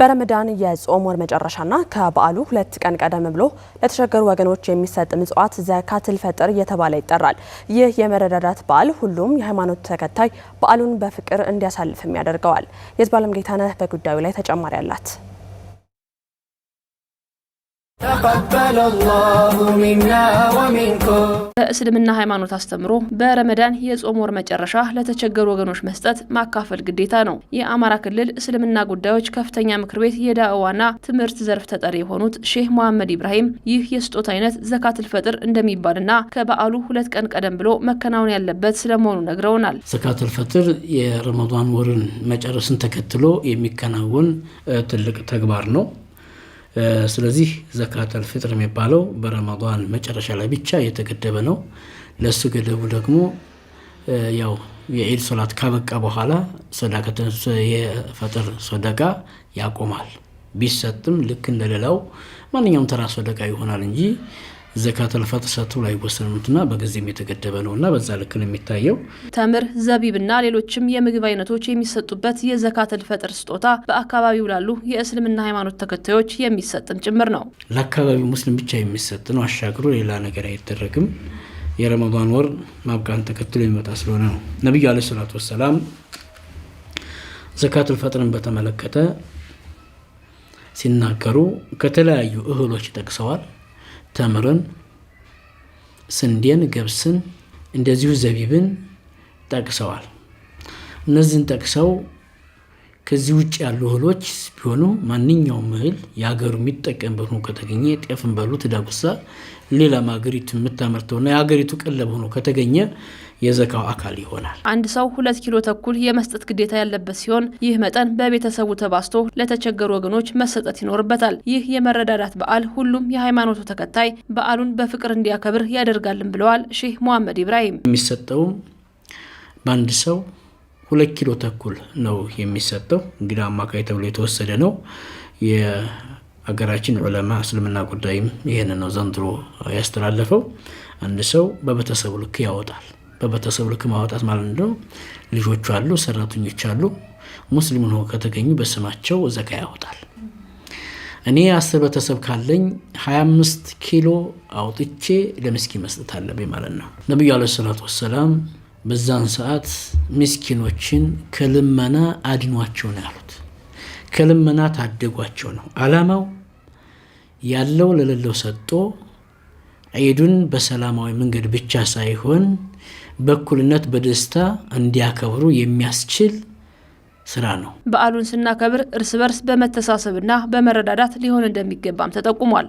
በረመዳን የጾም ወር መጨረሻና ከበዓሉ ሁለት ቀን ቀደም ብሎ ለተቸገሩ ወገኖች የሚሰጥ ምጽዋት ዘካትል ፈጥር እየተባለ ይጠራል። ይህ የመረዳዳት በዓል ሁሉም የሃይማኖት ተከታይ በዓሉን በፍቅር እንዲያሳልፍም ያደርገዋል። የዝባለም ጌታነህ በጉዳዩ ላይ ተጨማሪ አላት። በእስልምና ሃይማኖት አስተምሮ በረመዳን የጾም ወር መጨረሻ ለተቸገሩ ወገኖች መስጠት ማካፈል ግዴታ ነው። የአማራ ክልል እስልምና ጉዳዮች ከፍተኛ ምክር ቤት የዳዕዋና ትምህርት ዘርፍ ተጠሪ የሆኑት ሼህ መሐመድ ኢብራሂም ይህ የስጦታ አይነት ዘካትል ፈጥር እንደሚባልና ከበዓሉ ሁለት ቀን ቀደም ብሎ መከናወን ያለበት ስለመሆኑ ነግረውናል። ዘካትል ፈጥር የረመዳን ወርን መጨረስን ተከትሎ የሚከናወን ትልቅ ተግባር ነው። ስለዚህ ዘካተል ፍጥር የሚባለው በረመዷን መጨረሻ ላይ ብቻ የተገደበ ነው። ለእሱ ገደቡ ደግሞ ያው የኢድ ሶላት ካበቃ በኋላ የፈጥር ሶደቃ ያቆማል። ቢሰጥም ልክ እንደሌላው ማንኛውም ተራ ሶደቃ ይሆናል እንጂ ዘካተል ፈጥር ሰጥቶ ላይ ወሰኑትና በጊዜም የተገደበ ነውና በዛ ልክ ነው የሚታየው። ተምር፣ ዘቢብና ሌሎችም የምግብ አይነቶች የሚሰጡበት የዘካተል ፈጥር ስጦታ በአካባቢው ላሉ የእስልምና ሃይማኖት ተከታዮች የሚሰጥም ጭምር ነው። ለአካባቢው ሙስሊም ብቻ የሚሰጥ ነው። አሻግሮ ሌላ ነገር አይደረግም። የረመዳን ወር ማብቃን ተከትሎ የሚመጣ ስለሆነ ነው። ነቢዩ አለ ሰላቱ ወሰላም ዘካቱል ፈጥርን በተመለከተ ሲናገሩ ከተለያዩ እህሎች ጠቅሰዋል። ተምርን፣ ስንዴን፣ ገብስን እንደዚሁ ዘቢብን ጠቅሰዋል። እነዚህን ጠቅሰው ከዚህ ውጭ ያሉ እህሎች ቢሆኑ ማንኛውም እህል የሀገሩ የሚጠቀምበት ሆኖ ከተገኘ ጤፍን በሉት ዳጉሳ፣ ሌላም ሀገሪቱ የምታመርተውና የሀገሪቱ ቀለብ ሆኖ ከተገኘ የዘካው አካል ይሆናል። አንድ ሰው ሁለት ኪሎ ተኩል የመስጠት ግዴታ ያለበት ሲሆን ይህ መጠን በቤተሰቡ ተባስቶ ለተቸገሩ ወገኖች መሰጠት ይኖርበታል። ይህ የመረዳዳት በዓል ሁሉም የሃይማኖቱ ተከታይ በዓሉን በፍቅር እንዲያከብር ያደርጋልን ብለዋል ሼህ መሐመድ ኢብራሂም። የሚሰጠውም በአንድ ሰው ሁለት ኪሎ ተኩል ነው የሚሰጠው። እንግዲህ አማካይ ተብሎ የተወሰደ ነው። የሀገራችን ዑለማ እስልምና ጉዳይም ይህን ነው ዘንድሮ ያስተላለፈው። አንድ ሰው በቤተሰቡ ልክ ያወጣል። በቤተሰብ ልክ ማውጣት ማለት ነው። ልጆቹ አሉ፣ ሰራተኞች አሉ። ሙስሊም ሆነው ከተገኙ በስማቸው ዘካ ያወጣል። እኔ አስር ቤተሰብ ካለኝ 25 ኪሎ አውጥቼ ለምስኪን መስጠት አለብኝ ማለት ነው። ነቢዩ አለ ሰላቱ ወሰላም በዛን ሰዓት ምስኪኖችን ከልመና አድኗቸው ነው ያሉት። ከልመና ታደጓቸው ነው አላማው። ያለው ለሌለው ሰጥቶ ዒዱን በሰላማዊ መንገድ ብቻ ሳይሆን በእኩልነት በደስታ እንዲያከብሩ የሚያስችል ስራ ነው። በዓሉን ስናከብር እርስ በርስ በመተሳሰብና በመረዳዳት ሊሆን እንደሚገባም ተጠቁሟል።